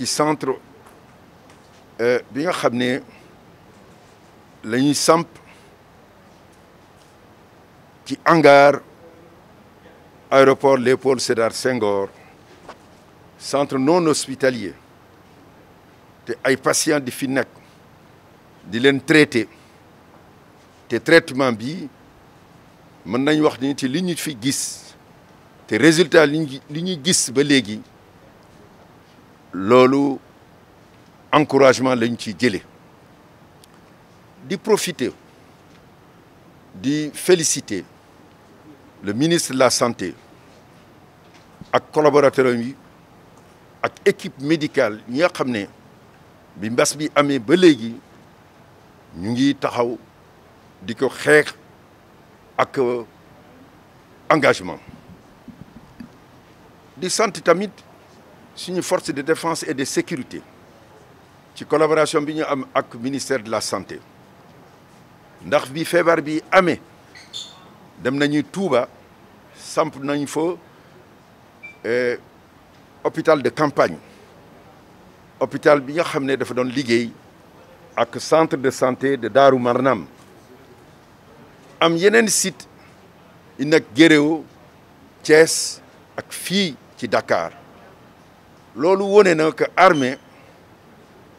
qui centre euh, bien nga xam qui hangar aéroport Léopold Sédar Senghor centre non hospitalier des patients de finac de di traiter traité traitements traitement bi maintenant nañ wax ni ci les résultats fi gis résultat Lolo, encouragement lañ ci jëlé di profiter di féliciter le ministre de la santé ak collaborateurs yi ak équipe médicale ñi xamné ame bi mbass bi amé ba légui ñu ngi taxaw diko ak engagement di tamit une force de défense et de sécurité ci collaboration avec le ministère de la santé Nous avons fait bi Touba eh, hôpital de campagne hôpital bi centre de santé de Darou Marnam am yenen site Thiès filles Dakar lolu woné na que armée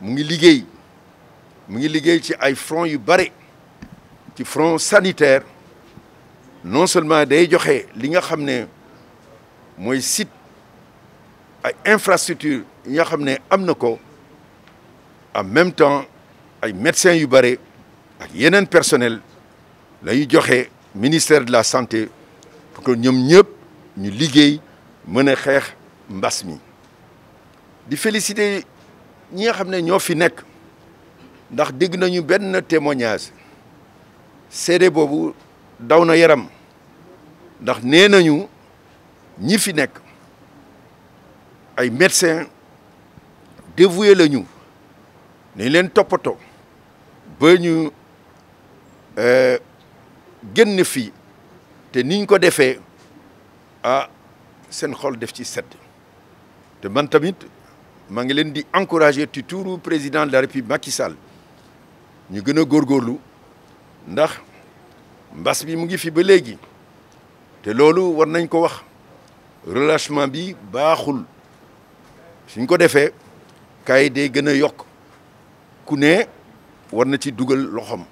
mu ngi liggéey mu ngi liggéey ci front sanitaire non seulement day joxé li nga xamné moy site ay infrastructure en même temps ay médecins yu les ak personnel ministère de la santé pour que nous ñëpp ñu liggéey mëna di féliciter ñi nga xamné ne fi ndax dégg nañu benn témoignage cédé boobu dawna yaram ndax nénañu ñi fi nek ay médecins dévoués la ñu leen topato ba ñu de euh, fi niñ ko ah, man tamit. ma ngi leen di encourager ci turu président de la république Macky ñu gën a góorgóorlu ndax mbas mi mu ngi fi ba léegi te loolu war nañ ko wax relâchement bi baaxul suñ ko defee kay day gën a yokk ku ne war na ci dugal loxoom.